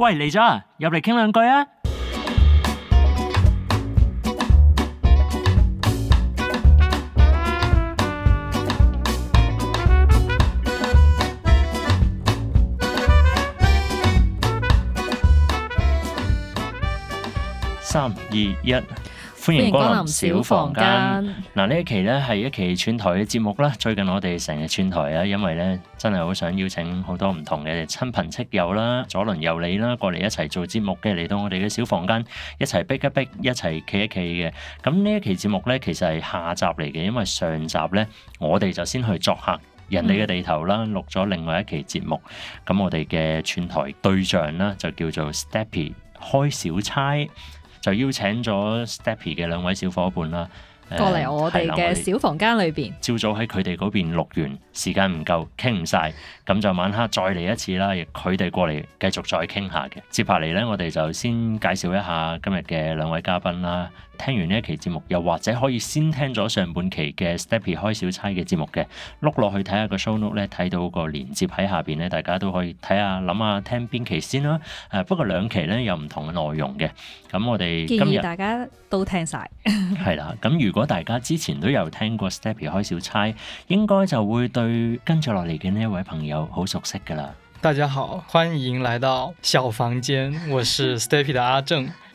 喂，嚟咗啊，入嚟傾兩句啊！三、二、一。歡迎光臨小房間。嗱，呢一期咧係一期串台嘅節目啦。最近我哋成日串台啊，因為咧真係好想邀請好多唔同嘅親朋戚友啦、左鄰右里啦，過嚟一齊做節目嘅，嚟到我哋嘅小房間一齊逼一逼，一齊企一企嘅。咁呢一期節目咧，其實係下集嚟嘅，因為上集咧我哋就先去作客人哋嘅地頭啦，嗯、錄咗另外一期節目。咁我哋嘅串台對象啦，就叫做 Steppy 開小差。就邀請咗 Steppy 嘅兩位小伙伴啦，過嚟我哋嘅小房間裏邊。朝、嗯、早喺佢哋嗰邊錄完，時間唔夠傾唔晒。咁就晚黑再嚟一次啦，亦佢哋過嚟繼續再傾下嘅。接下嚟咧，我哋就先介紹一下今日嘅兩位嘉賓啦。聽完呢一期節目，又或者可以先聽咗上半期嘅 Steppy 開小差嘅節目嘅，碌落去睇下個 show note 咧，睇到個鏈接喺下邊咧，大家都可以睇下諗下聽邊期先啦。誒，不過兩期咧有唔同嘅內容嘅，咁我哋今日建議大家都聽晒係啦。咁 如果大家之前都有聽過 Steppy 開小差，應該就會對跟住落嚟嘅呢一位朋友好熟悉噶啦。大家好，歡迎來到小房間，我是 Steppy 的阿正。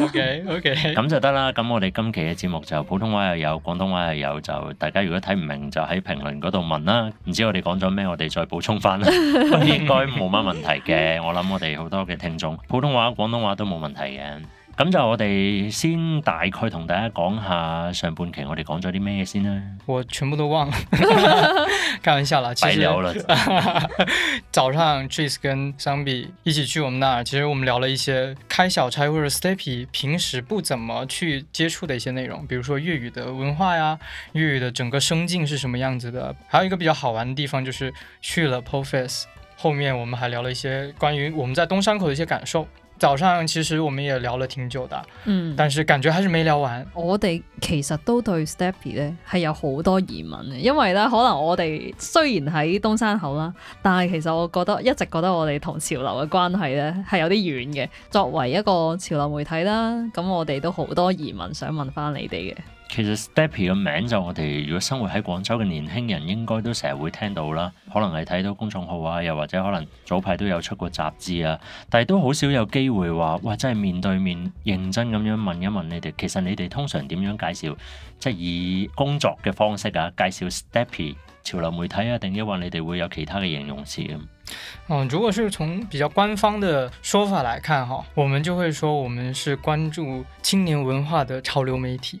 OK OK，咁就得啦。咁我哋今期嘅節目就普通話又有，廣東話又有就。就大家如果睇唔明，就喺評論嗰度問啦。唔知我哋講咗咩，我哋再補充翻， 應該冇乜問題嘅。我諗我哋好多嘅聽眾，普通話、廣東話都冇問題嘅。咁就我哋先大概同大家講一下上半期我哋講咗啲咩嘢先啦。我全部都忘了， 開玩笑啦， 其實。白聊了。 早上 Trace 跟 Zenbi 一起去我們那兒，其實我們聊了一些開小差或者 Steppy 平時不怎麼去接觸的一些內容，比如說粵語的文化呀，粵語的整個聲境是什麼樣子的。還有一個比較好玩的地方就是去了 Proface，後面我們還聊了一些關於我們在東山口的一些感受。早上其實我們也聊了挺久的，嗯，但是感覺還是沒聊完。我哋其實都對 Steppy 咧係有好多疑問嘅，因為咧可能我哋雖然喺東山口啦，但係其實我覺得一直覺得我哋同潮流嘅關係咧係有啲遠嘅。作為一個潮流媒體啦，咁我哋都好多疑問想問返你哋嘅。其實 Steppy 嘅名就我哋如果生活喺廣州嘅年輕人應該都成日會聽到啦，可能係睇到公眾號啊，又或者可能早排都有出過雜誌啊，但係都好少有機會話哇真係面對面認真咁樣問一問你哋，其實你哋通常點樣介紹？即係以工作嘅方式啊介紹 Steppy 潮流媒體啊，定抑或你哋會有其他嘅形容詞？嗯，如果是從比較官方嘅說法來看，哈，我們就會說我們是關注青年文化的潮流媒體。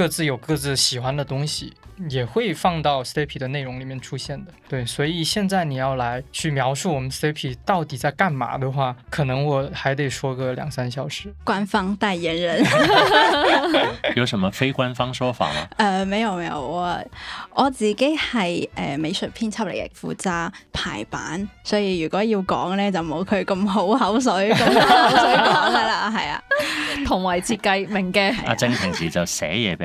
各自有各自喜歡的東西，也會放到 Steppy 的內容裏面出現的。對，所以現在你要來去描述我們 Steppy 到底在幹嘛的話，可能我還得說個兩三小時。官方代言人， 有什麼非官方說法嗎？呃，沒有沒有我、啊、我自己係誒、呃、美術編輯嚟嘅，負責排版，所以如果要講呢，就冇佢咁好口水， 好口水講係啦，係啊，同為設計，明嘅。阿正平時就寫嘢比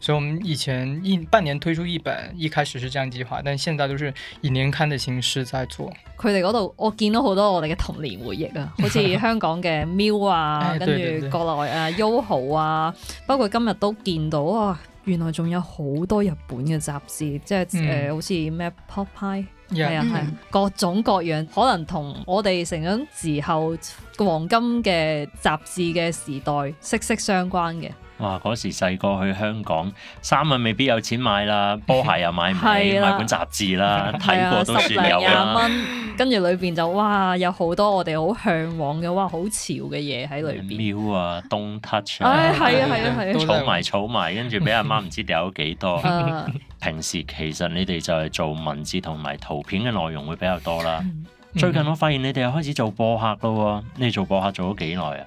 所以我們以前一半年推出一本，一開始是這樣計劃，但現在都是以年刊的形式在做。佢哋嗰度我見到好多我哋嘅童年回憶。 像啊，好似香港嘅《Mill》啊，跟住國內啊 Yoho 啊，包括今日都見到，啊，原來仲有好多日本嘅雜誌，即係誒、嗯呃，好似咩 Yeah, 是《Popeye、嗯》，係啊係，各種各樣，可能同我哋成長時候黃金嘅雜誌嘅時代息息相關嘅。哇！嗰時細個去香港，衫啊未必有錢買啦，波鞋又買唔起，買本雜誌啦，睇過都算有啦。跟住裏邊就哇，有好多我哋好向往嘅，哇，好潮嘅嘢喺裏邊。喵啊 Don't touch 唉，係啊，係啊，係！儲埋儲埋，跟住俾阿媽唔知掉咗幾多。平時其實你哋就係做文字同埋圖片嘅內容會比較多啦。最近我發現你哋又開始做播客咯喎，你哋做播客做咗幾耐啊？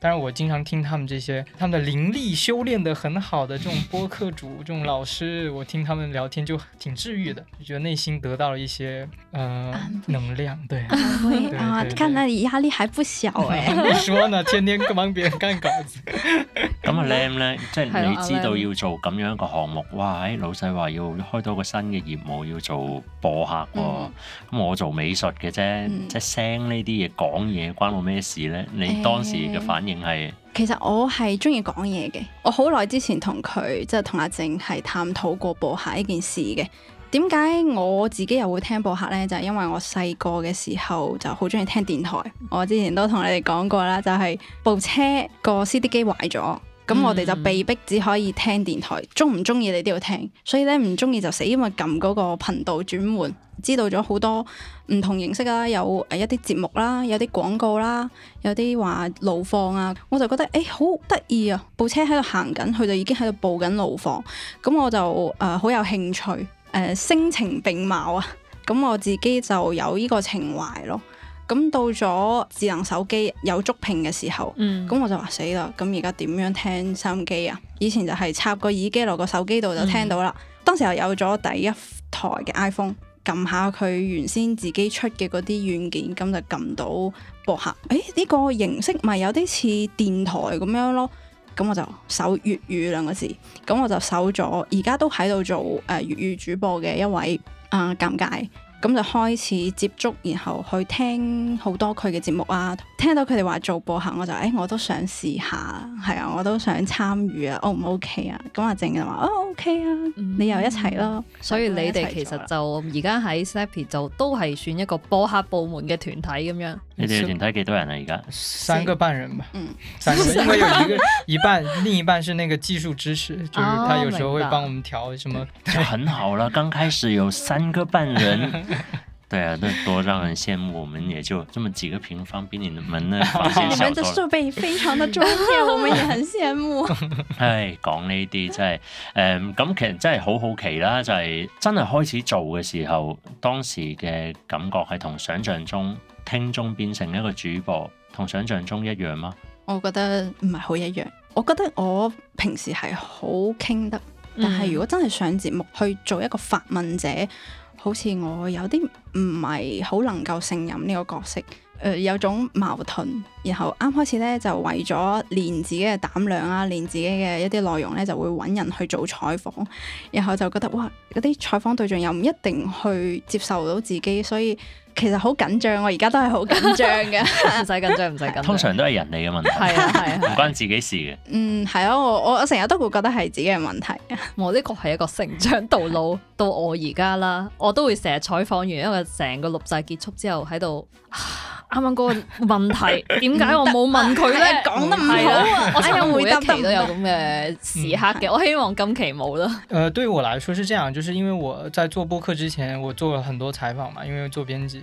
但是我經常聽他們這些他們的靈力修煉的很好的這種播客主，這種老師，我聽他們聊天就挺治愈的，就覺得內心得到了一些呃能量，對，啊，看來壓力還不小哎。你說呢？天天幫別人幹稿子。咁阿林咧，即係你知道要做咁樣一個項目，哇！哎，老細話要開多個新嘅業務，要做播客，咁我做美術嘅啫，即係聲呢啲嘢講嘢關我咩事咧？你當時嘅反。其實我係中意講嘢嘅，我好耐之前同佢即係同阿正係探討過播客呢件事嘅。點解我自己又會聽播客呢？就係因為我細個嘅時候就好中意聽電台，我之前都同你哋講過啦，就係、是、部車個 CD 機壞咗。咁、嗯、我哋就被迫只可以聽電台，中唔中意你都要聽，所以咧，唔中意就死，因為撳嗰個頻道轉換，知道咗好多唔同形式啦，有誒一啲節目啦，有啲廣告啦，有啲話路況啊，我就覺得誒好得意啊，部車喺度行緊，佢就已經喺度報緊路況，咁我就誒好、呃、有興趣，誒、呃、聲情並茂啊，咁我自己就有呢個情懷咯。咁到咗智能手機有觸屏嘅時候，咁、嗯、我就話死啦！咁而家點樣聽收音機啊？以前就係插個耳機落個手機度就聽到啦。嗯、當時候有咗第一台嘅 iPhone，撳下佢原先自己出嘅嗰啲軟件，咁就撳到播客。誒呢、呢個形式咪有啲似電台咁樣咯。咁我就搜粵語兩個字，咁我就搜咗，而家都喺度做誒粵語主播嘅一位啊，呃、尷尬。咁就開始接觸，然後去聽好多佢嘅節目啊，聽到佢哋話做播客，我就誒、欸、我都想試一下，啊，我都想參與啊，O 唔 O K 啊？咁阿正就話哦 O、OK、K 啊，你又一齊囉。嗯，所以你哋、啊、其實就而家喺 Steppy 就都係算一個播客部門嘅團體咁樣。誒，對，佢大概幾多人啊而家？三個半人吧。嗯，三個， 因為有一個一半， 另一半是那個技術支持，就是他有時候會幫我們調什麼，哦、就很好啦。剛開始有三個半人， 對啊，那多讓人羨慕。我們也就這麼幾個平方，比你們呢？ 發現你們的設備非常的專業，我們也很羨慕。 唉，講呢啲真係，誒、嗯，咁其實真係好好奇啦，就係、是、真係開始做嘅時候，當時嘅感覺係同想象中。聽眾變成一個主播，同想象中一樣嗎？我覺得唔係好一樣。我覺得我平時係好傾得，嗯、但係如果真係上節目去做一個發問者，好似我有啲唔係好能夠勝任呢個角色，誒、呃，有種矛盾。然後啱開始呢，就為咗練自己嘅膽量啊，練自己嘅一啲內容呢，就會揾人去做採訪，然後就覺得哇，嗰啲採訪對象又唔一定去接受到自己，所以其實好緊張，我而家都係好緊張嘅，唔使緊張，唔使緊張。通常都係人哋嘅問題，係啊係啊，唔、啊、關自己事嘅。嗯，係啊，我我我成日都會覺得係自己嘅問題。 我呢個係一個成長道路， 到我而家啦，我都會成日採訪完一個成個錄製結束之後喺度，啱啱嗰個問題，點解我冇問佢咧？講 得唔係好 啊！我、 哎、每一期都有咁嘅時刻嘅， 嗯、我希望今期冇啦。誒，對我來說是這樣，就是因為我在做播客之前，我做了很多採訪嘛，因為做編輯。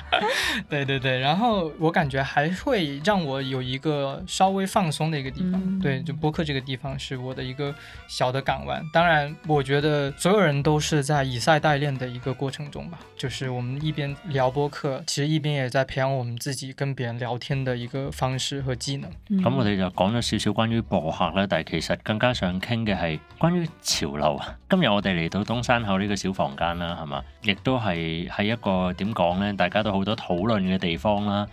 對對對，然後我感覺還會讓我有一個稍微放鬆的一個地方，嗯、對，就播客這個地方是我的一個小的港灣。當然，我覺得所有人都是在以賽代練的一個過程中吧，就是我們一邊聊播客，其實一邊也在培養我們自己跟別人聊天的一個方式和技能。咁、嗯、我哋就講咗少少關於播客啦，但係其實更加想傾嘅係關於潮流。今日我哋嚟到東山口呢個小房間啦，係嘛，亦都係喺一個點講呢？大家都好多。討論嘅地方啦。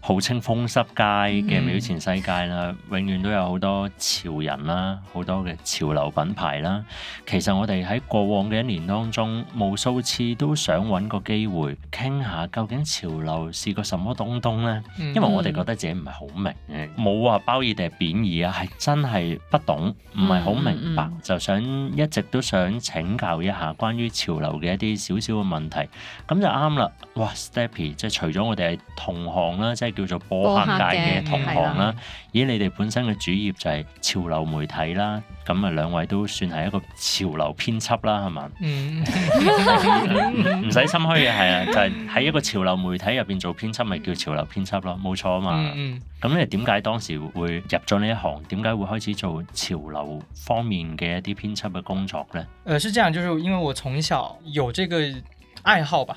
號稱風濕街嘅廟前西街啦，mm hmm. 永遠都有好多潮人啦，好多嘅潮流品牌啦。其實我哋喺過往嘅一年當中，無數次都想揾個機會傾下，究竟潮流是個什麼東東咧？Mm hmm. 因為我哋覺得自己唔係好明嘅，冇話褒義定係貶義啊，係真係不懂，唔係好明白，mm hmm. 就想一直都想請教一下關於潮流嘅一啲小小嘅問題，咁就啱啦，哇 Steppy 即係除咗我哋係同行啦，即叫做播客界嘅同行啦，而、嗯啊、你哋本身嘅主業就係潮流媒體啦，咁啊兩位都算係一個潮流編輯啦，係嘛？唔使心虛嘅係啊，就係、是、喺一個潮流媒體入邊做編輯，咪叫潮流編輯咯，冇錯啊嘛。咁、嗯嗯、你點解當時會入咗呢一行？點解會開始做潮流方面嘅一啲編輯嘅工作咧？誒、呃，是這樣，就是因為我從小有這個愛好吧。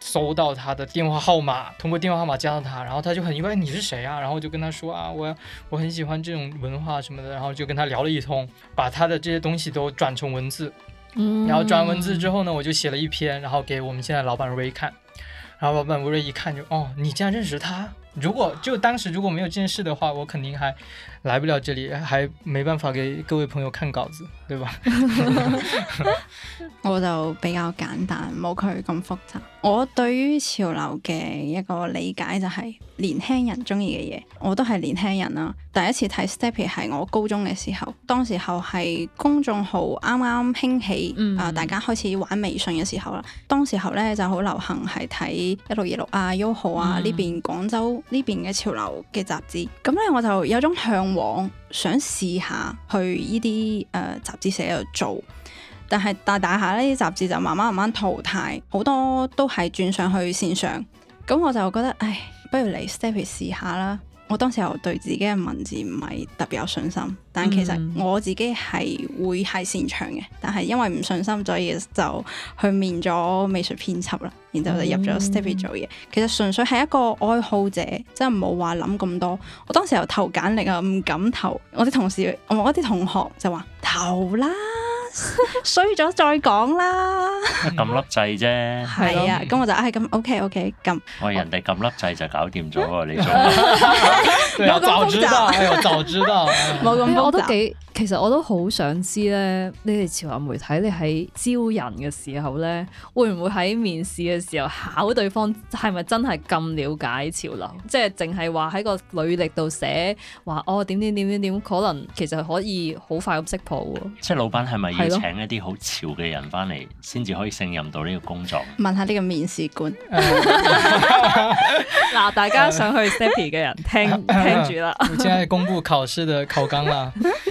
搜到他的電話號碼，通過電話號碼加到他，然後他就很意外，你是誰啊？然後就跟他說啊，我我很喜歡這種文化什麼的，然後就跟他聊了一通，把他的這些東西都轉成文字，嗯，然後轉文字之後呢，我就寫了一篇，然後給我們現在的老闆瑞看，然後老闆瑞一看就哦，你竟然認識他？如果就當時如果沒有這件事的話，我肯定還來不了這裡，還沒辦法給各位朋友看稿子，對吧？ 我就比較簡單，冇佢咁複雜。我對於潮流嘅一個理解就係、是、年輕人中意嘅嘢，我都係年輕人啦。第一次睇 Steppy 係我高中嘅時候，當時候係公眾號啱啱興起啊、嗯呃，大家開始玩微信嘅時候啦。當時候呢就好流行係睇《一六二六》啊、啊《Yoho、嗯》啊呢邊廣州呢邊嘅潮流嘅雜誌，咁呢，我就有一種嚮往，想試一下去呢啲誒雜誌社度做。但係大大下呢啲雜誌就慢慢慢慢淘汰，好多都係轉上去線上。咁我就覺得，唉，不如嚟 Steppy 試下啦。我當時又對自己嘅文字唔係特別有信心，但其實我自己係會係擅長嘅。但係因為唔信心，所以就去面咗美術編輯啦。然之後就入咗 Steppy 做嘢。其實純粹係一個愛好者，真係冇話諗咁多。我當時又投簡歷啊，唔敢投。我啲同事，我啲同學就話投啦。衰咗再講啦，撳粒掣啫，係啊，咁、哦嗯、我就唉，咁、啊、OK OK，撳。我人哋撳粒掣就搞掂咗喎，哦、你早。冇咁 複雜，哎呀，早知道，冇咁複雜，我都幾。其實我都好想知咧，你哋潮流媒體，你喺招人嘅時候咧，會唔會喺面試嘅時候考對方係咪真係咁了解潮流？即係淨係話喺個履歷度寫話哦點點點點點，可能其實可以好快咁識破喎。即係老闆係咪要請一啲好潮嘅人翻嚟先至可以勝任到呢個工作？問下呢個面試官。嗱， 大家想去 Steppy 嘅人聽聽住啦。我現在公布考試嘅考綱啦。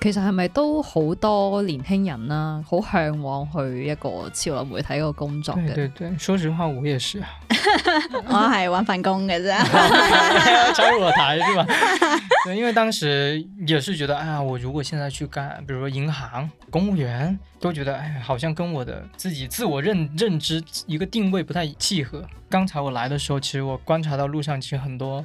其實係咪都好多年輕人啦、啊，好向往去一個潮流媒體個工作嘅。對對對，說實話我也是啊， 我係搵份工嘅啫，拆我台是吧 對？因為當時也是覺得，哎呀，我如果現在去幹，比如說銀行、公務員，都覺得，哎、好像跟我的自己自我認認知一個定位不太契合。剛才我來的時候，其實我觀察到路上其實很多。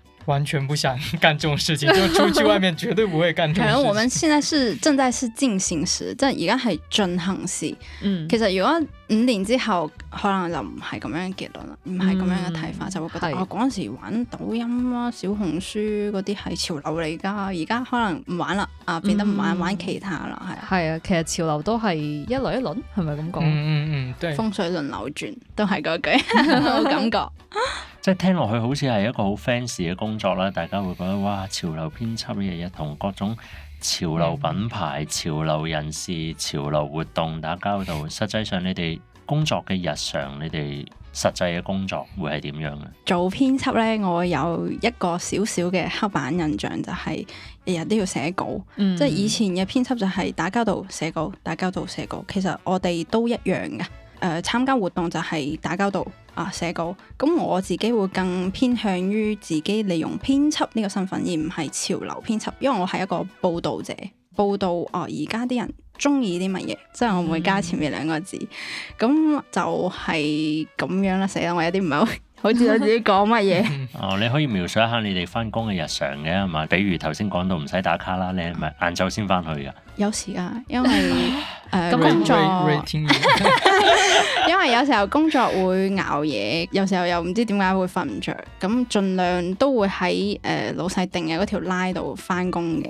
完全不想幹這種事情，就出去外面絕對不會幹這種事情。 我們現在是正在是進行時，即係而家係進行時。嗯、其實如果五年之後，可能就唔係咁樣嘅結論啦，唔係咁樣嘅睇法，嗯、就會覺得是哦嗰陣時玩抖音啊，小紅書嗰啲係潮流嚟噶，而家可能唔玩啦，啊變得唔玩、嗯、玩其他啦，係、啊。係啊，其實潮流都係一輪一輪，係咪咁講？嗯嗯對，風水輪流轉都係嗰句感覺。 即係聽落去好似係一個好 fancy 嘅工作啦，大家會覺得哇，潮流編輯日日同各種潮流品牌、潮流人士、潮流活動打交道。實際上，你哋工作嘅日常，你哋實際嘅工作會係點樣嘅？做編輯呢，我有一個小小嘅刻板印象、就是，就係日日都要寫稿。嗯、即係以前嘅編輯就係打交道寫稿，打交道寫稿。其實我哋都一樣嘅。誒、呃，參加活動就係打交道。啊，寫稿，咁我自己會更偏向於自己利用編輯呢個身份，而唔係潮流編輯，因為我係一個報導者，報導哦而家啲人中意啲乜嘢，即係我唔會加前面兩個字，咁、嗯、就係咁樣啦，寫啦，我有啲唔係好。好似我自己講乜嘢哦，你可以描述一下你哋翻工嘅日常嘅係嘛？比如頭先講到唔使打卡啦，你係咪晏晝先翻去㗎？有時啊，因為誒工作，因為有時候工作會熬夜，有時候又唔知點解會瞓唔着。咁盡量都會喺誒、呃、老細定嘅嗰條拉度翻工嘅。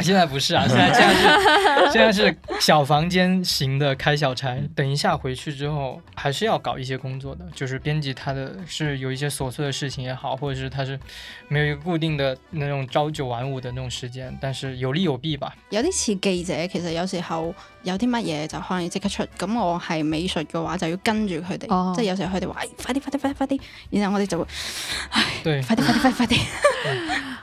現在不是啊，現在現在是 現在是小房間型的開小差。等一下回去之後，還是要搞一些工作的，就是編輯他的是有一些瑣碎的事情也好，或者是他是沒有一個固定的那種朝九晚五的那種時間。但是有利有弊吧。有啲似記者，其實有時候有啲乜嘢就可以即刻出。咁我係美術嘅話，就要跟住佢哋，哦，即係有時候佢哋話，快啲快啲快啲快啲，然後我哋就會，哎，對快啲快啲快啲快啲。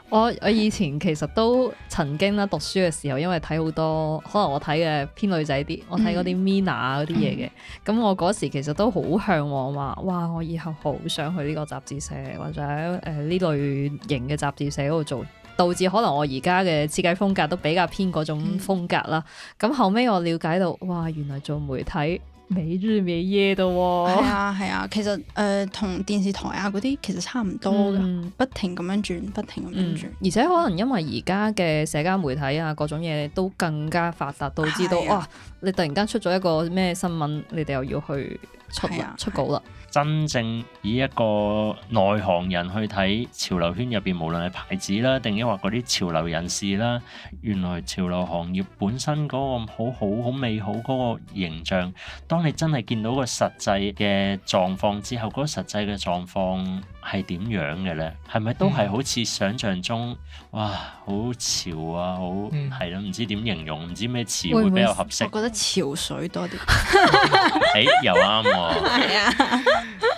我我以前其實都曾經啦。讀書嘅時候，因為睇好多，可能我睇嘅偏女仔啲，嗯、我睇嗰啲 mina 嗰啲嘢嘅，咁、嗯、我嗰時其實都好向往話，哇！我以後好想去呢個雜誌社或者誒呢、呃、類型嘅雜誌社嗰度做，導致可能我而家嘅設計風格都比較偏嗰種風格啦。咁、嗯、後尾我了解到，哇！原來做媒體。沒日沒夜的喎。哦啊，係啊係啊，其實誒同、呃、電視台啊嗰啲其實差唔多噶、嗯，不停咁樣轉，不停咁樣轉，而且可能因為而家嘅社交媒體啊各種嘢都更加發達，到，達到，知道、啊、哇你突然間出咗一個咩新聞，你哋又要去出了、啊啊、出稿啦。真正以一個內行人去睇潮流圈入邊，無論係牌子啦，定抑或嗰啲潮流人士啦，原來潮流行業本身嗰個好好好美好嗰個形象，當你真係見到個實際嘅狀況之後，嗰個實際嘅狀況。係點樣嘅咧？係咪都係好似想象中？是哇，好潮啊！好係咯，唔、嗯、知點形容，唔知咩詞會比較合適。會會我覺得潮水多啲。誒、 欸，又啱喎。係啊。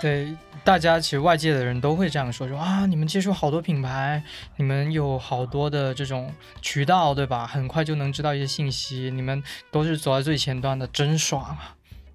對大家，其實外界嘅人都會這樣說，說啊，你們接觸好多品牌，你們有好多的這種渠道，對吧？很快就能知道一些信息。你們都是走在最前端的，真爽啊！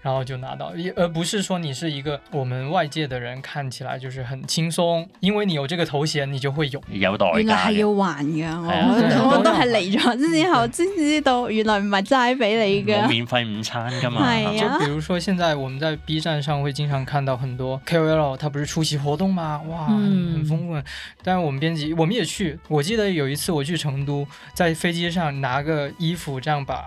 然後就拿到，而而不是說你是一個我們外界的人看起來就是很輕鬆，因為你有這個頭銜，你就會有。有待遇。應該係要還㗎，我都係嚟咗之後先知道，原來唔係齋俾你噶。冇免費午餐的嘛。 係啊、就比如說現在我們在 B 站上會經常看到很多 KOL，他不是出席活動嘛。哇，嗯、很豐富。但我們編輯我們也去，我記得有一次我去成都，在飛機上拿個衣服這樣把。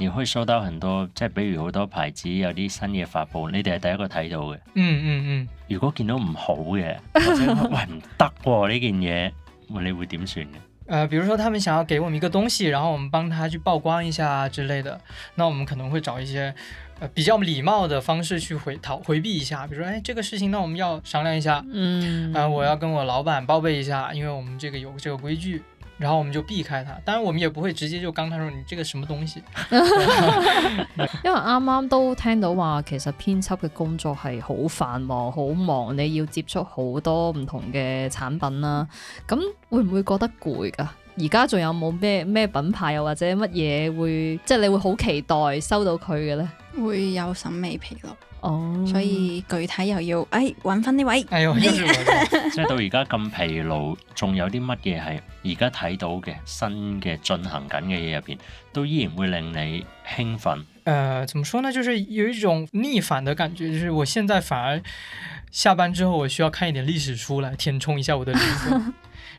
你可以收到很多，即係比如好多牌子有啲新嘅發布，你哋係第一個睇到嘅。嗯。嗯嗯嗯。如果見到唔好嘅，或者喂唔得呢件嘢，喂得 你會點算嘅？誒、呃，比如說他們想要給我們一個東西，然後我們幫他去曝光一下之類的，那我們可能會找一些、呃、比較禮貌的方式去回逃回避一下。比如說，誒、哎，這個事情，呢，我們要商量一下。嗯。啊、呃，我要跟我老闆報備一下，因為我們這個有這個規矩。然後我們就避開他，當然我們也不會直接就剛他說你這個什麼東西。 因為啱啱都聽到話，其實編輯嘅工作係好繁忙，好忙，你要接觸好多唔同嘅產品啦。咁會唔會覺得攰㗎？而家仲有冇咩咩品牌又或者乜嘢會，即係你會好期待收到佢嘅呢？會有審美疲勞。哦，oh，所以具體又要誒搵返呢位，即係、哎就是、 到而家咁疲勞，仲有啲乜嘢係而家睇到嘅新嘅進行緊嘅嘢入邊，都依然會令你興奮？誒、呃，怎麼說呢？就是有一種逆反嘅感覺，就是我現在反而下班之後，我需要看一點歷史書來填充一下我的歷史。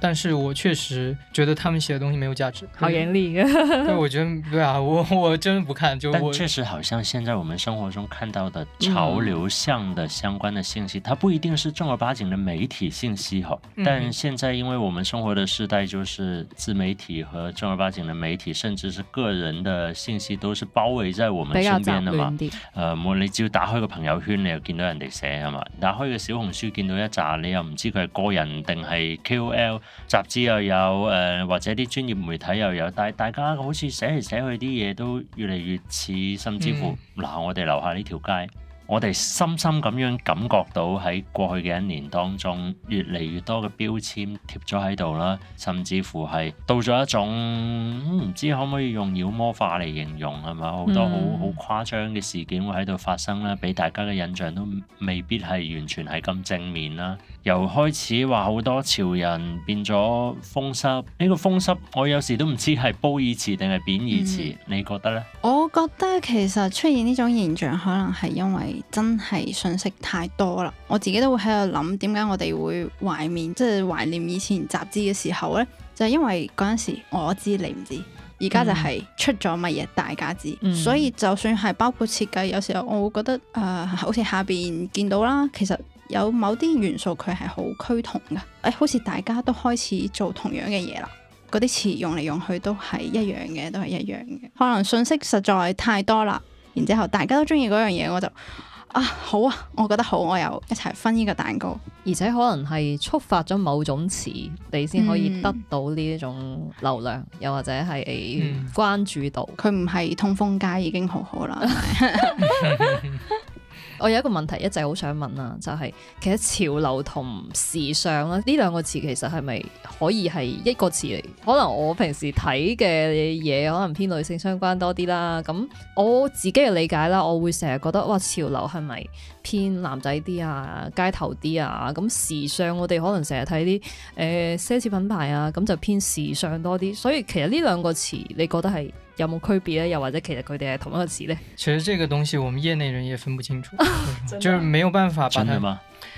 但是我確實覺得他們寫的東西沒有價值，好嚴厲。但 我覺得對啊，我我真的不看。就我確實好像現在我們生活中看到的潮流向的相關的信息，嗯、它不一定是正兒八經的媒體信息哈。嗯、但現在因為我們生活的時代，就是自媒體和正兒八經的媒體，甚至是個人的信息，都是包圍在我們身邊的嘛。的呃，我你就打開個朋友圈，你有見到人哋寫係嘛？打開個小紅書，見到一紮，你又唔知佢係個人定係 KOL 雜誌又有誒、呃，或者啲專業媒體又有，但係大家好似寫嚟寫去啲嘢都越嚟越似，甚至乎嗱、嗯，我哋樓下呢條街。我哋深深咁樣感覺到喺過去嘅一年當中，越嚟越多嘅標籤貼咗喺度啦，甚至乎係到咗一種唔、嗯、知可唔可以用妖魔化嚟形容係嘛？好多好好、嗯、誇張嘅事件會喺度發生啦，俾大家嘅印象都未必係完全係咁正面啦。由開始話好多潮人變咗風濕，呢、這個風濕我有時都唔知係褒義詞定係貶義詞，嗯、你覺得呢？我覺得其實出現呢種現象，可能係因為真係信息太多啦！我自己都會喺度諗，點解我哋會懷念，即係懷念以前雜誌嘅時候呢？就係、是、因為嗰陣時我知你唔知，而家就係出咗乜嘢大家知，嗯、所以就算係包括設計，有時候我會覺得誒、呃，好似下邊見到啦，其實有某啲元素佢係好趨同嘅，誒、哎，好似大家都開始做同樣嘅嘢啦，嗰啲詞用嚟用去都係一樣嘅，都係一樣嘅，可能信息實在太多啦。然之後，大家都中意嗰樣嘢，我就啊好啊，我覺得好，我又一齊分呢個蛋糕。而且可能係觸發咗某種詞，你先可以得到呢一種流量，嗯、又或者係關注到，佢唔係通風街已經很好好啦。 我有一個問題一直好想問啊，就係其實潮流同時尚啦呢兩個詞其實係咪可以係一個詞嚟？可能我平時睇嘅嘢可能偏女性相關多啲啦。咁我自己嘅理解啦，我會成日覺得哇，潮流係咪？偏男仔啲啊，街頭啲啊，咁時尚我哋可能成日睇啲誒奢侈品牌啊，咁就偏時尚多啲。所以其實呢兩個詞，你覺得係有冇區別咧？又或者其實佢哋係同一個詞咧？其實呢個東西，我們業內人也分不清楚， 的 就是沒有辦法。真的嗎？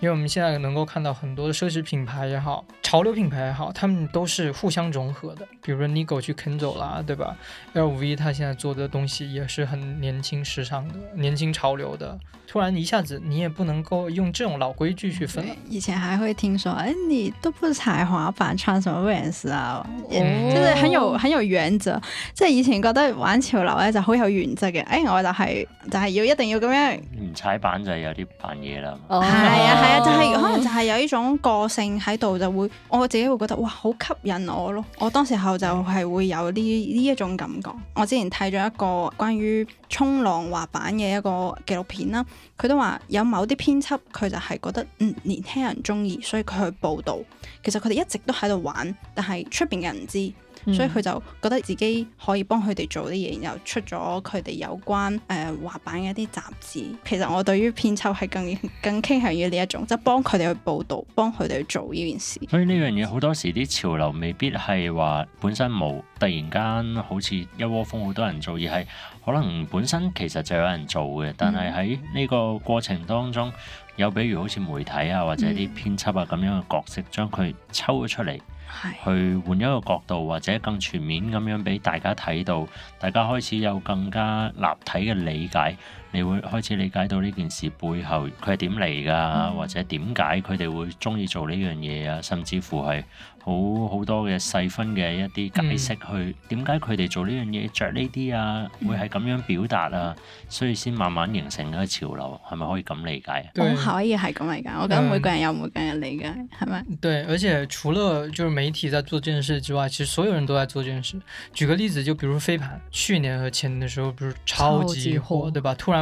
因為我們現在能夠看到很多的奢侈品牌也好，潮流品牌也好，他們都是互相融合的。比如 Nigo 去 Kenzo 啦，對吧？L V 他現在做的東西也是很年輕、時尚的，年輕潮流的。突然一下子，你也不能夠用這種老規矩去分。以前還會聽說，哎，你都不踩滑板，穿什麼 Vans 啊，哦、也就是很有很有原則。即係以前覺得玩潮流咧就好有原則嘅，哎，我就係、是、就係、是、要一定要咁樣，唔踩板就係有啲扮嘢啦。Oh, hi. 係啊係啊，就係可能就係有呢種個性喺度，就會我自己會覺得哇，好吸引我咯！我當時候就係會有呢呢一種感覺。我之前睇咗一個關於衝浪滑板嘅一個紀錄片啦，佢都話有某啲編輯，佢就係覺得嗯年輕人中意，所以佢去報道。其實佢哋一直都喺度玩，但係出邊嘅人知。所以佢就覺得自己可以幫佢哋做啲嘢，然後出咗佢哋有關誒滑板嘅一啲雜誌。其實我對於編輯係更更傾向於呢一種，即係幫佢哋去報道，幫佢哋去做呢件事。所以呢樣嘢好多時啲潮流未必係話本身冇，突然間好似一窩蜂好多人做，而係可能本身其實就有人做嘅，但係喺呢個過程當中，有比如好似媒體啊或者啲編輯啊咁樣嘅角色，將佢抽咗出嚟。去換一個角度，或者更全面咁樣俾大家睇到，大家開始有更加立體嘅理解。你會開始理解到呢件事背後佢係點嚟㗎，嗯、或者點解佢哋會中意做呢樣嘢啊？甚至乎係好好多嘅細分嘅一啲解釋，去點解佢哋做呢樣嘢、着呢啲啊，會係咁樣表達啊，嗯、所以先慢慢形成一個潮流，係咪可以咁理解？對，嗯、可以係咁理解。我覺得每個人有每個人理解，係咪、嗯？嗎對，而且除了就是媒體在做呢件事之外，其實所有人都在做呢件事。舉個例子，就比如飛盤，去年和前年的時候不是超級火，級火對吧？突然。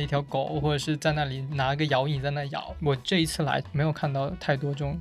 一條狗，或者是在那裏拿個搖椅在那搖。我這一次來，沒有看到太多種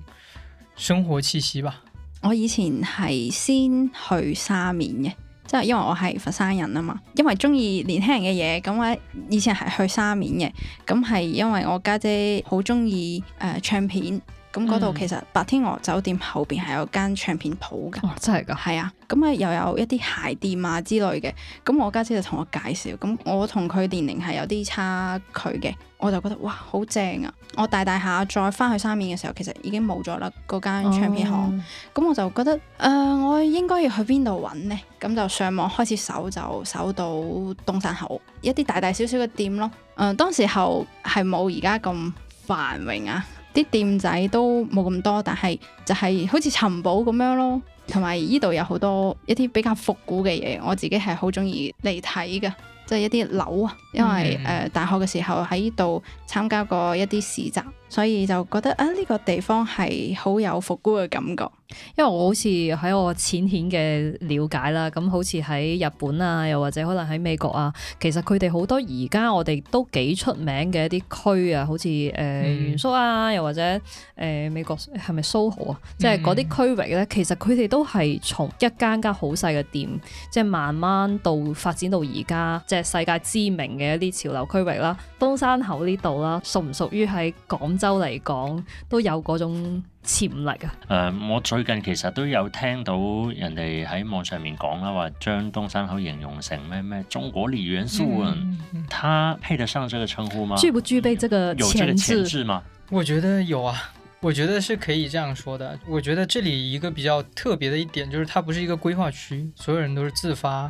生活氣息吧。我以前係先去沙面嘅，即係因為我係佛山人啊嘛，因為中意年輕人嘅嘢，咁我以前係去沙面嘅。咁係因為我家姐好中意誒唱片，咁嗰度其實白天鵝酒店後邊係有間唱片鋪噶、哦，真係噶，係啊，咁啊又有一啲鞋店啊之類嘅，咁我家姐，姐就同我介紹，咁我同佢年齡係有啲差距嘅，我就覺得哇好正啊！我大大下再翻去沙面嘅時候，其實已經冇咗啦嗰間唱片行，咁、哦、我就覺得誒、呃，我應該要去邊度揾呢？」咁就上網開始搜，就搜到東山口一啲大大小小嘅店咯。誒、呃，當時候係冇而家咁繁榮啊。啲店仔都冇咁多，但係就係好似尋寶咁樣囉。同埋呢度有好多一啲比較復古嘅嘢，我自己係好鍾意嚟睇㗎。即係一啲樓啊，因為、嗯呃、大學嘅時候喺呢度參加過一啲市集。所以就覺得啊呢、呢個地方係好有復古嘅感覺，因為我好似喺我淺顯嘅了解啦，咁好似喺日本啊，又或者可能喺美國啊，其實佢哋好多而家我哋都幾出名嘅一啲區啊，好似誒、呃嗯、原宿啊，又或者誒、呃、美國係咪蘇豪啊？即係嗰啲區域咧，其實佢哋都係從一間間好細嘅店，即、就、係、是、慢慢到發展到而家即係世界知名嘅一啲潮流區域啦、啊，東山口呢度啦，屬唔屬於喺廣州嚟講都有嗰種潛力啊？誒、呃，我最近其實都有聽到人哋喺網上面講啦，話將東山口形容成咩咩中國裏原宿，嗯嗯、他配得上這個稱呼嗎？具不具備這個有這個潛質嗎？我覺得有啊，我覺得是可以這樣說的。我覺得這裏一個比較特別的一點，就是它不是一個規劃區，所有人都是自發。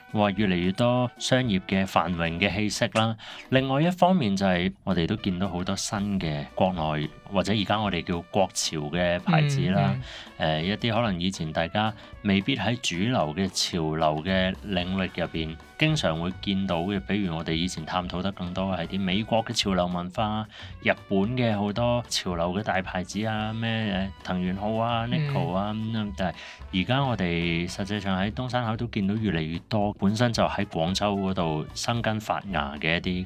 話越嚟越多商業嘅繁榮嘅氣息啦，另外一方面就係我哋都見到好多新嘅國內。或者而家我哋叫國潮嘅牌子啦，誒、嗯呃、一啲可能以前大家未必喺主流嘅潮流嘅領域入邊經常會見到嘅，比如我哋以前探討得更多嘅係啲美國嘅潮流文化、日本嘅好多潮流嘅大牌子啊，咩誒藤原浩、嗯、啊、Nico 啊咁樣，但係而家我哋實際上喺東山口都見到越嚟越多本身就喺廣州嗰度生根發芽嘅一啲。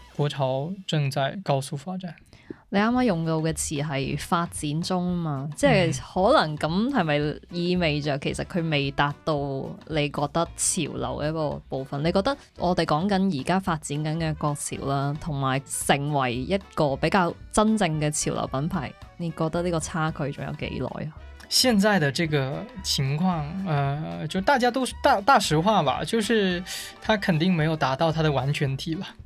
國潮正在高速發展，你啱啱用到嘅詞係發展中啊嘛，嗯、即係可能咁係咪意味着其實佢未達到你覺得潮流嘅一個部分？你覺得我哋講緊而家發展緊嘅國潮啦，同埋成為一個比較真正嘅潮流品牌，你覺得呢個差距仲有幾耐啊？現在的這個情況，誒、呃，就大家都大大實話吧，就是它肯定沒有達到它的完全體吧。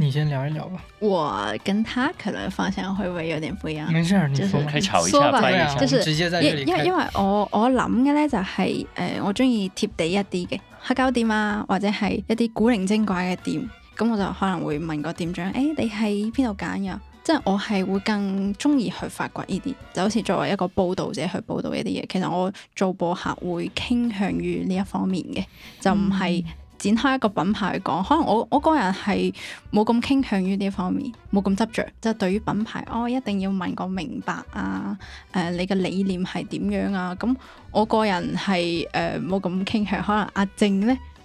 你先聊一聊吧。我跟他可能方向會唔會有點不一樣？沒事兒，你開炒一下，說我直接在這、就是、因為因為我我諗嘅呢就係誒，我中意、就是呃、貼地一啲嘅黑膠店啊，或者係一啲古靈精怪嘅店，咁我就可能會問個店長，誒、哎，你喺邊度揀噶？即、就、係、是、我係會更中意去發掘呢啲，就好似作為一個報道者去報道一啲嘢。其實我做播客會傾向於呢一方面嘅，就唔係、嗯。展開一個品牌去講，可能我我個人係冇咁傾向於呢方面，冇咁執着。即係對於品牌，我一定要問個明白啊！誒，你嘅理念係點樣啊？咁我個人係誒冇咁傾向，可能阿正呢。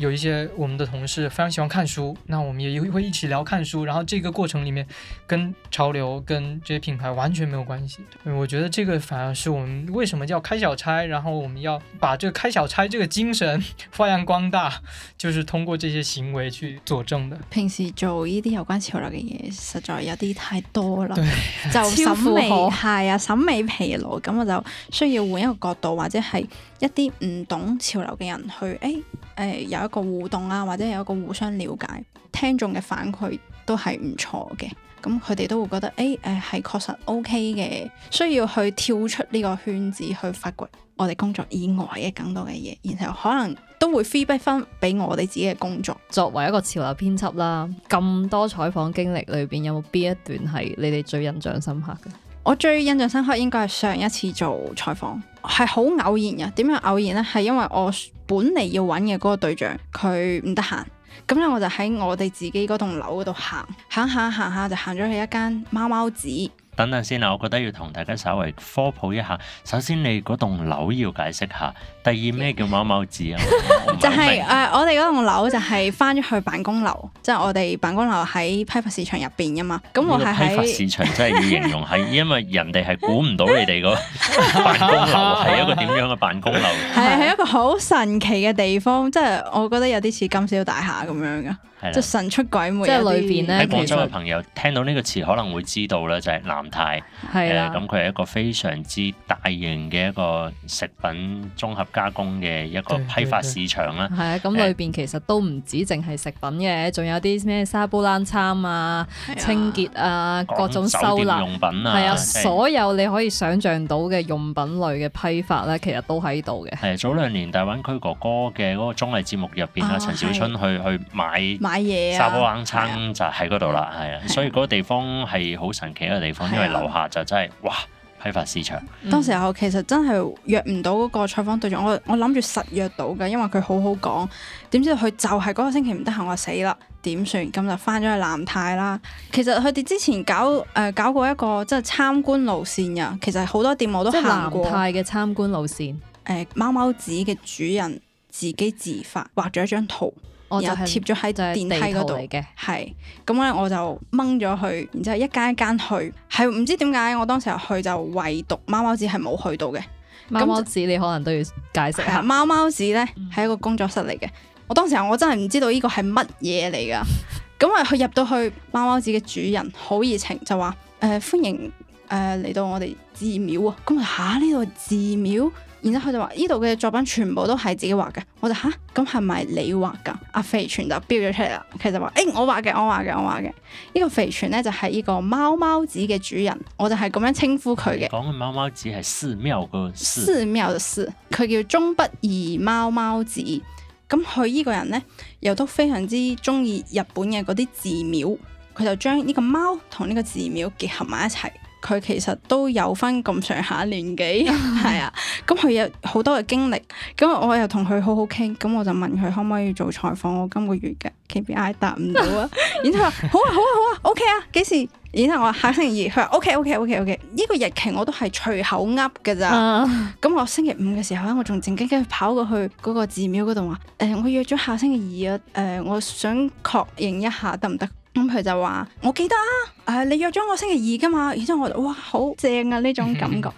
有一些我們的同事非常喜歡看書，那我們也會一起聊看書。然後這個過程裏面，跟潮流跟這些品牌完全沒有關係。我覺得這個反而是我們為什麼叫開小差，然後我們要把這個開小差這個精神發揚光大，就是通過這些行為去佐證的。平時做呢啲有關潮流嘅嘢，實在有啲太多啦，對就審美係 啊，審美疲勞，咁我就需要換一個角度或者係。一啲唔懂潮流嘅人去，誒、哎，誒、呃、有一個互動啊，或者有一個互相了解，聽眾嘅反饋都係唔錯嘅。咁佢哋都會覺得，誒、哎，誒係確實 OK 嘅，需要去跳出呢個圈子去發掘我哋工作以外嘅更多嘅嘢，然後可能都會 feedback 翻俾我哋自己嘅工作。作為一個潮流編輯啦，咁多採訪經歷裏邊，有冇邊一段係你哋最印象深刻嘅？我最印象深刻應該係上一次做採訪。係好偶然啊，點樣偶然呢？係因為我本嚟要揾嘅嗰個對象佢唔得閒，咁咧我就喺我哋自己嗰棟樓嗰度行，行下行下就行咗去一間貓貓子。等等先啊，我覺得要同大家稍微科普一下。首先，你嗰棟樓要解釋下。第二咩叫貓貓子啊？就係、是、誒我哋嗰棟樓就係翻咗去辦公樓，即係我哋辦公樓喺批發市場入邊噶嘛。咁我喺批發市場真係要形容係， 因為人哋係估唔到你哋個辦公樓係一個點樣嘅辦公樓，係係 一個好神奇嘅地方，即、就、係、是、我覺得有啲似金宵大廈咁樣噶。的就神出鬼沒，即係裏邊咧。喺廣州嘅朋友實聽到呢個詞可能會知道啦，就係、是、南泰。係啊的，咁佢係一個非常之大型嘅一個食品綜合。加工嘅一個批發市場啦，係啊，咁裏邊其實都唔止淨係食品嘅，仲有啲咩沙煲冷餐啊、清潔啊、各種收納用品啊，係啊，所有你可以想像到嘅用品類嘅批發咧，其實都喺度嘅。係早兩年大灣區哥哥嘅嗰個綜藝節目入邊啊，陳小春去去買買嘢，沙煲冷餐就喺嗰度啦，係啊，所以嗰個地方係好神奇一個地方，因為樓下就真係哇～批發市場，嗯、當時候其實真係約唔到嗰個採訪對象，我我諗住實約到嘅，因為佢好好講，點知佢就係嗰個星期唔得閒，我死啦，點算？咁就返咗去了南泰啦。其實佢哋之前搞誒、呃、搞過一個即係參觀路線嘅，其實好多店我都行過。南泰嘅參觀路線，誒、呃、貓貓子嘅主人自己自發畫咗一張圖。了我就貼咗喺電梯嗰度嘅。係咁咧，我就掹咗去，然之後一間一間去，係唔知點解，我當時去就唯獨貓貓子係冇去到嘅。貓貓子你可能都要解釋下。貓貓子咧係一個工作室嚟嘅，嗯、我當時我真係唔知道呢個係乜嘢嚟㗎。咁啊，去入到去貓貓子嘅主人好熱情，就話誒、呃、歡迎誒嚟、呃、到我哋寺廟啊！咁啊吓呢度寺廟。然之後佢就話：呢度嘅作品全部都係自己畫嘅。我就吓，咁係咪你畫噶？阿、啊、肥泉就標咗出嚟啦。佢就話：誒、欸，我畫嘅，我畫嘅，我畫嘅。呢、這個肥泉呢，就係、是、呢個貓貓子嘅主人，我就係咁樣稱呼佢嘅。講嘅貓貓子係寺廟個寺廟嘅寺，佢叫中北二貓貓子。咁佢呢個人呢，又都非常之中意日本嘅嗰啲寺廟，佢就將呢個貓同呢個寺廟結合埋一齊。佢其實都有返咁上下年紀，係 啊，咁佢有好多嘅經歷，咁我又同佢好好傾，咁我就問佢可唔可以做採訪，我今個月嘅 KPI 達唔到啊？ 然之後話好啊好啊好啊，OK 啊，幾時？然之後我話下星期二，佢話 OK OK OK OK，呢、OK 呢個日期我都係隨口噏嘅咋，咁 我星期五嘅時候咧，我仲靜雞雞跑過去嗰個寺廟嗰度話，誒、呃、我約咗下星期二啊，誒、呃、我想確認一下得唔得？咁佢就話：我記得啊，誒、呃，你約咗我星期二噶嘛？然之後我就哇，好正啊！呢種感覺，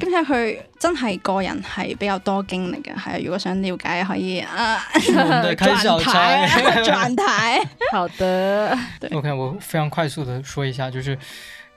咁即佢真係個人係比較多經歷嘅，係、嗯、如果想了解可以啊。串、嗯、的 台，串 串台， 好的。OK，我非常快速的說一下，就是。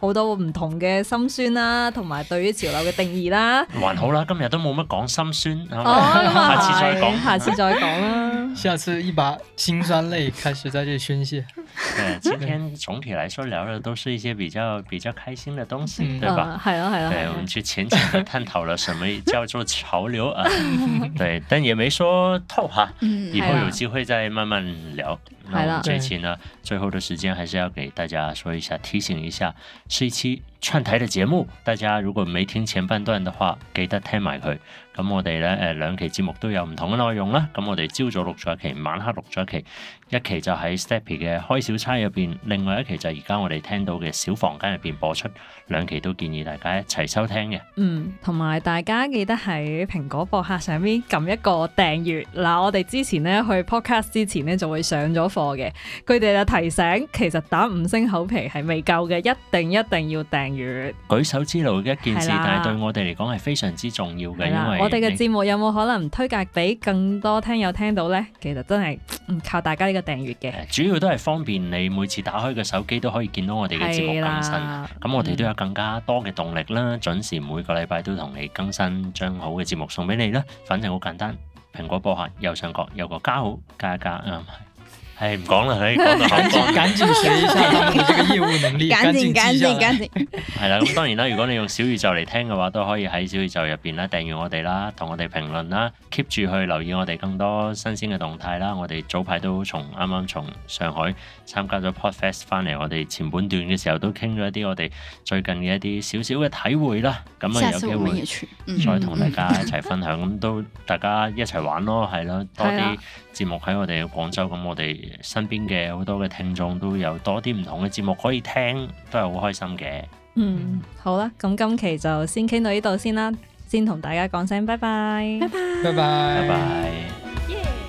好多唔同嘅心酸啦、啊，同埋對於潮流嘅定義啦。還好啦，今日都冇乜講心酸，嗯哦、 下次再講，下次再講啦， 下次一把心酸淚開始在這宣泄。 對，今天總體來說聊的都是一些比較比較開心嘅東西，對吧？係咯係咯。嗯啊啊啊啊、對，我們去淺淺嘅探討了什麼叫做潮流啊。 對，但也沒說透哈，以後有機會再慢慢聊。那我這呢期呢了最後的時間，還是要給大家說一下，對提醒一下，是一期串台的節目。大家如果沒聽前半段的話，記得聽埋佢。咁我哋咧，誒兩期節目都有唔同嘅內容啦。咁我哋朝早錄咗一期，晚黑錄咗一期。一期就喺 Steppy 嘅開小差入邊，另外一期就係而家我哋聽到嘅小房間入邊播出，兩期都建議大家一齊收聽嘅。嗯，同埋大家記得喺蘋果播客上面撳一個訂閱嗱，我哋之前咧去 Podcast 之前咧就會上咗課嘅，佢哋就提醒其實打五星好評係未夠嘅，一定一定要訂閱。舉手之勞嘅一件事，的但係對我哋嚟講係非常之重要嘅。的因為我哋嘅節目有冇可能推介俾更多聽友聽到咧？其實真係唔靠大家、呢個訂閱嘅主要都係方便你每次打開個手機都可以見到我哋嘅節目更新，咁的我哋都有更加多嘅動力啦。嗯、準時每個禮拜都同你更新，將好嘅節目送俾你啦。反正好簡單，蘋果播客右上角有個加號，加一加啊。嗯唉，唔講啦，你講得好，緊住提升公司嘅業務能力，緊住， 緊住， 緊住。 係啦， 咁當然啦，如果你用小宇宙嚟聽嘅話，都可以喺小宇宙入邊啦訂閱我哋啦，同我哋評論啦，keep 住去留意我哋更多新鮮嘅動態啦。我哋早排都從啱啱從上海，參加咗 Podfest 翻嚟，我哋前半段嘅時候都傾咗一啲我哋最近嘅一啲少少嘅體會啦，咁啊有機會再同大家一齊分享，咁都、嗯嗯、 大家一齊玩咯，係咯，多啲節目喺我哋廣州，咁我哋身邊嘅好多嘅聽眾都有多啲唔同嘅節目可以聽，都係好開心嘅。嗯，嗯好啦，咁今期就先傾到呢度先啦，先同大家講聲拜拜，拜拜，拜拜，拜拜。耶。